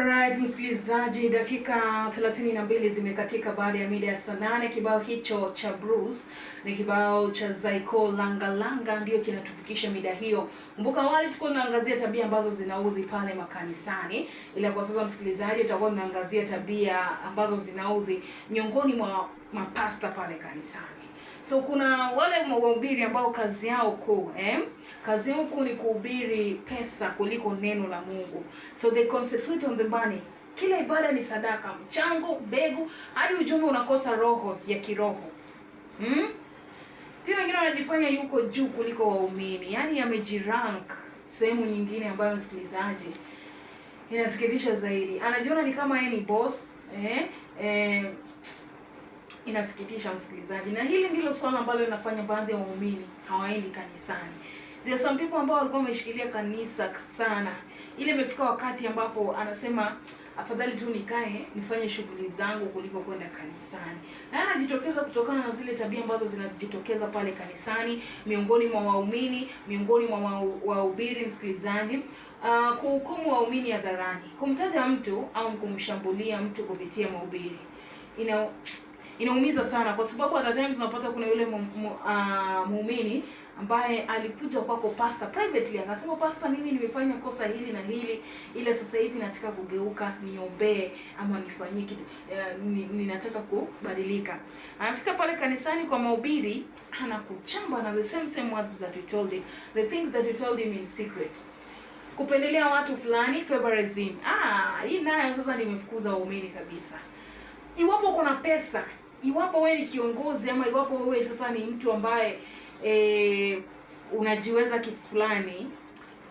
Alright, msikilizaji, dakika 32 zimekatika baada ya mida ya saa nane. Kibao hicho cha Bruce ni kibao cha Zaiko Langalanga ndio kinatufikisha mida hiyo. Kumbuka wale tuko tunaangazia tabia ambazo zinaudhi pale makanisani, ila kwa sasa msikilizaji, tutakuwa tunaangazia tabia ambazo zinaudhi miongoni mwa mapasta pale kanisani. So kuna wale wahubiri ambao kazi yao kuu eh? kazi yao kuu ni kuhubiri pesa kuliko neno la Mungu, so they concentrate on the money. Kila ibada ni sadaka, mchango, begu, hadi ujumbe unakosa roho ya kiroho hmm? Pia wengine wanajifanya yuko juu kuliko waumini, yaani yamejirank sehemu nyingine ambayo msikilizaji inasikilisha zaidi, anajiona ni kama yeye ni boss eh? Eh, Inasikitisha msikilizaji, na hili ndilo swala ambalo linafanya baadhi ya waumini hawaendi kanisani. There some people ambao walikuwa wameshikilia kanisa sana, ile imefika wakati ambapo anasema afadhali tu nikae nifanye shughuli zangu kuliko kwenda kanisani, na anajitokeza kutokana na zile tabia ambazo zinajitokeza pale kanisani, miongoni mwa waumini, miongoni mwa wahubiri, msikilizaji, uh, kuhukumu waumini hadharani, kumtaja mtu au kumshambulia mtu kupitia mahubiri you know, inaumiza sana, kwa sababu at times unapata kuna yule ah, muumini uh, ambaye alikuja kwako pastor privately akasema, pastor, mimi nimefanya kosa hili na hili, ile sasa hivi nataka kugeuka, niombee ama nifanyie kitu uh, ninataka kubadilika. Anafika pale kanisani kwa mahubiri, anakuchamba na the same same words that you told him, the things that you told him in secret kupendelea watu fulani favorism. Ah, hii nayo sasa nimefukuza waumini kabisa. Iwapo kuna pesa iwapo wewe ni kiongozi ama iwapo wewe sasa ni mtu ambaye e, unajiweza kifulani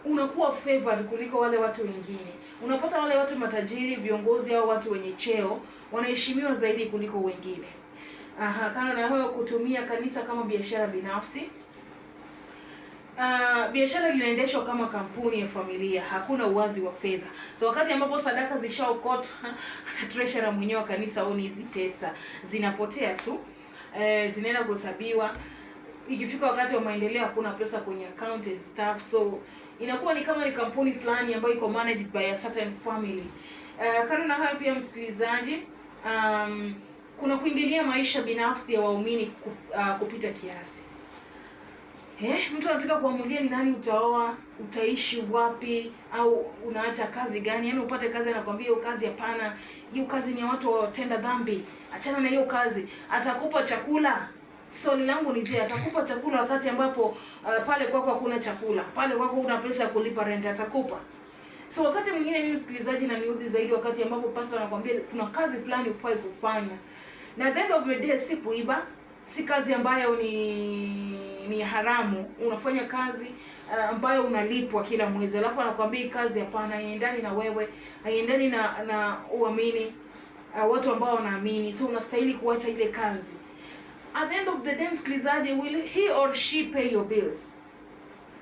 unakuwa favored kuliko wale watu wengine. Unapata wale watu matajiri, viongozi au watu wenye cheo wanaheshimiwa zaidi kuliko wengine. Aha, kana na wewe kutumia kanisa kama biashara binafsi Uh, biashara linaendeshwa kama kampuni ya familia, hakuna uwazi wa fedha. So wakati ambapo sadaka zishaokotwa, treasurer mwenyewe wa kanisa aone hizi pesa zinapotea tu, eh, zinaenda kuhesabiwa. Ikifika wakati wa maendeleo, hakuna pesa kwenye account and stuff, so inakuwa ni kama ni kampuni fulani ambayo iko managed by a certain family. Uh, eh, kando na hayo pia msikilizaji, um, kuna kuingilia maisha binafsi ya waumini ah, kupita kiasi. Eh, mtu anataka kuamulia ni nani utaoa, utaishi wapi, au unaacha kazi gani? Yaani upate kazi, anakwambia hiyo kazi hapana, hiyo kazi ni ya watu watenda dhambi, achana na hiyo kazi. Atakupa chakula? Swali langu ni je, atakupa chakula wakati ambapo uh, pale kwako hakuna chakula, pale kwako una pesa ya kulipa rent? Atakupa? So wakati mwingine mimi msikilizaji, na niudhi zaidi wakati ambapo pasta anakwambia kuna kazi fulani ufai kufanya, na at the end of the day si kuiba, si kazi ambayo ni ni haramu, unafanya kazi uh, ambayo unalipwa kila mwezi, alafu anakuambia hii kazi hapana, haiendani na wewe, haiendani na na uamini uh, watu ambao wanaamini, so unastahili kuacha ile kazi. At the end of the day, msikilizaji, will he or she pay your bills?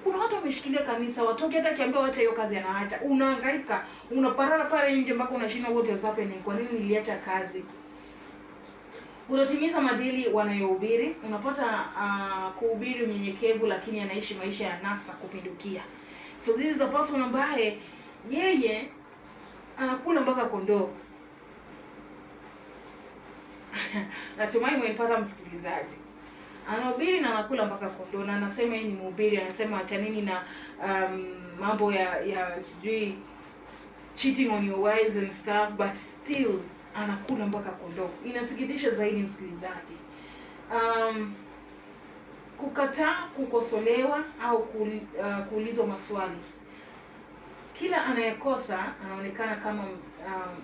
Kuna watu wameshikilia kanisa, watoke hata kiambia wacha hiyo kazi, anaacha. Unahangaika, unaparara pale nje mpaka unashinda, what is happening? Kwa nini niliacha kazi? unatimiza maadili wanayohubiri. Unapata uh, kuhubiri unyenyekevu, lakini anaishi maisha ya nasa kupindukia. So this is a person ambaye yeye anakula mpaka kondoo. Natumai umempata msikilizaji. Anahubiri na anakula mpaka kondoo, na anasema yeye ni mhubiri. Anasema nini na um, mambo ya ya sijui cheating on your wives and stuff but still anakula mpaka kondoo. Inasikitisha zaidi msikilizaji, um, kukataa kukosolewa au uh, kuulizwa uh, maswali. Kila anayekosa anaonekana kama um,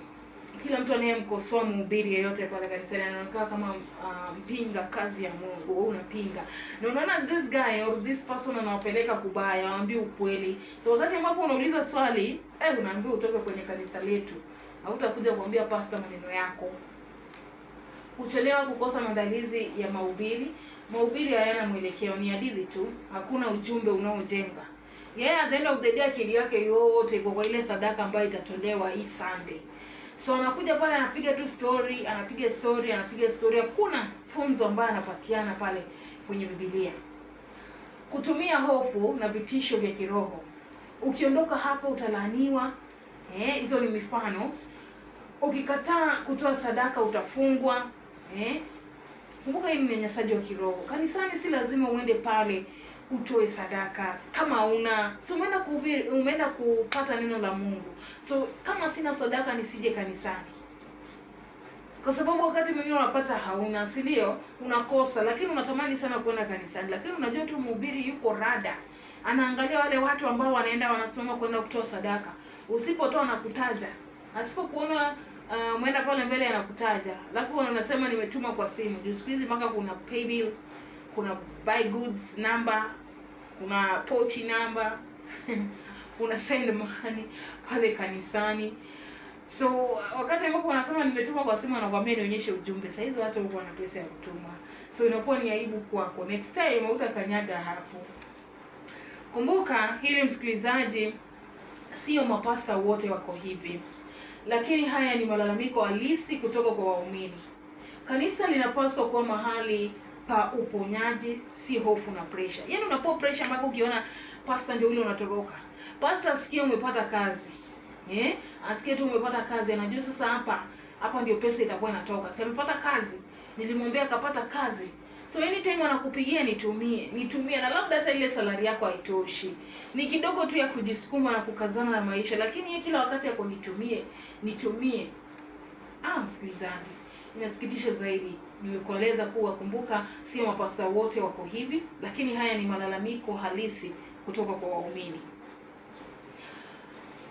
kila mtu anayemkosoa mhubiri yeyote pale kanisani anaonekana kama uh, mpinga kazi ya Mungu. Wewe unapinga na unaona this guy or this person anawapeleka kubaya, anawaambia ukweli. So wakati ambapo unauliza swali eh, unaambiwa utoke kwenye kanisa letu hautakuja kumwambia pasta maneno yako. Kuchelewa, kukosa maandalizi ya mahubiri. Mahubiri hayana mwelekeo, ni hadithi tu, hakuna ujumbe unaojenga. Yeye yeah, at the end of the day akili yake yote iko kwa ile sadaka ambayo itatolewa hii Sunday. So anakuja pale anapiga tu story, anapiga story, anapiga story. Hakuna funzo ambayo anapatiana pale kwenye Biblia. Kutumia hofu na vitisho vya kiroho. Ukiondoka hapo utalaaniwa. Eh, hizo ni mifano ukikataa kutoa sadaka utafungwa eh? Kumbuka hii ni unyanyasaji wa kiroho. Kanisani si lazima uende pale utoe sadaka kama una so umeenda kuhubiri, umeenda kupata neno la Mungu. So kama sina sadaka nisije kanisani, kwa sababu wakati mwingine unapata hauna, si ndio? Unakosa, lakini unatamani sana kuenda kanisani, lakini unajua tu mhubiri yuko rada, anaangalia wale watu ambao wanaenda wanasimama kwenda kutoa sadaka. Usipotoa nakutaja, asipokuona uh, mwenda pale mbele anakutaja, alafu unasema nimetuma kwa simu. Juu siku hizi mpaka kuna pay bill, kuna buy goods number, kuna pochi number kuna send money pale kanisani. So wakati ambapo unasema nimetuma kwa simu, anakuambia nionyeshe ujumbe. Saa hizo watu walikuwa na pesa ya kutuma, so inakuwa ni aibu kwako. Next time utakanyaga hapo. Kumbuka hili msikilizaji, sio mapasta wote wako hivi lakini haya ni malalamiko halisi kutoka kwa waumini. Kanisa linapaswa kuwa mahali pa uponyaji, si hofu na presha. Yaani unapoa presha mpaka ukiona pasta ndio ule unatoroka. Pasta asikie umepata kazi. Eh? Asikie tu umepata kazi, anajua sasa hapa hapa ndio pesa itakuwa inatoka. Si amepata kazi. Nilimwambia akapata kazi. So anytime wanakupigia nitumie, nitumie, na labda hata ile salari yako haitoshi, ni kidogo tu ya kujisukuma na kukazana na maisha, lakini yeye kila wakati yako nitumie, nitumie. Ah, msikilizaji, inasikitisha zaidi nimekueleza kuwa, kumbuka, sio mapasta wote wako hivi, lakini haya ni malalamiko halisi kutoka kwa waumini.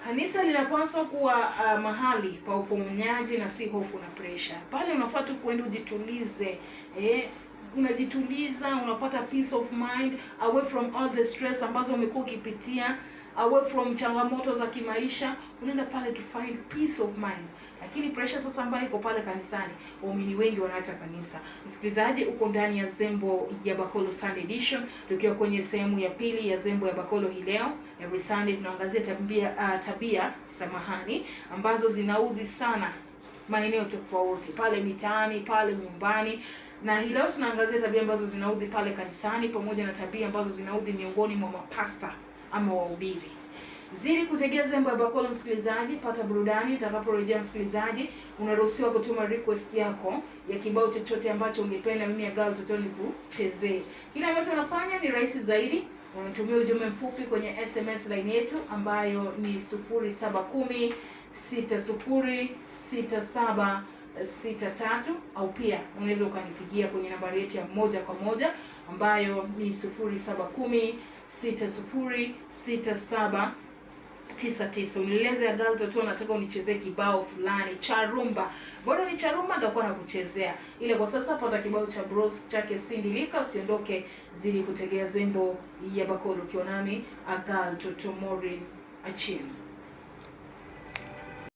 Kanisa linapaswa kuwa uh, mahali pa uponyaji na si hofu na presha. Pale unafaa tu kwenda ujitulize, eh, unajituliza, unapata peace of mind away from all the stress ambazo umekuwa ukipitia, away from changamoto za kimaisha, unaenda pale to find peace of mind. Lakini pressure sasa ambayo iko pale kanisani, waumini wengi wanaacha kanisa. Msikilizaji, uko ndani ya Zembo ya Bakolo Sunday Edition, tukiwa kwenye sehemu ya pili ya Zembo ya Bakolo hii leo. Every Sunday tunaangazia tabia, uh, tabia samahani, ambazo zinaudhi sana maeneo tofauti, pale mitaani, pale nyumbani na hii leo tunaangazia tabia ambazo zinaudhi pale kanisani pamoja na tabia ambazo zinaudhi miongoni mwa mapasta ama wahubiri. Zidi kutegea zembe ya bakola, msikilizaji, pata burudani. Utakaporejea msikilizaji, unaruhusiwa kutuma request yako ya kibao chochote ambacho ungependa mimi agao totoni nikuchezee. Kile ambacho unafanya ni rahisi zaidi, unatumia ujumbe mfupi kwenye SMS line yetu ambayo ni 0710 saba sita tatu, au pia unaweza ukanipigia kwenye nambari yetu ya moja kwa moja ambayo ni sufuri sufuri saba kumi sita sita 0710 tisa 99 unieleze Agalto tu nataka unichezee kibao fulani cha rumba, bora ni cha rumba nitakuwa nakuchezea ile. Kwa sasa pata kibao cha Bros chake Sindilika. Usiondoke, zili kutegea zembo ya bakolo, ukiwa nami Agalto Tumorin Achim.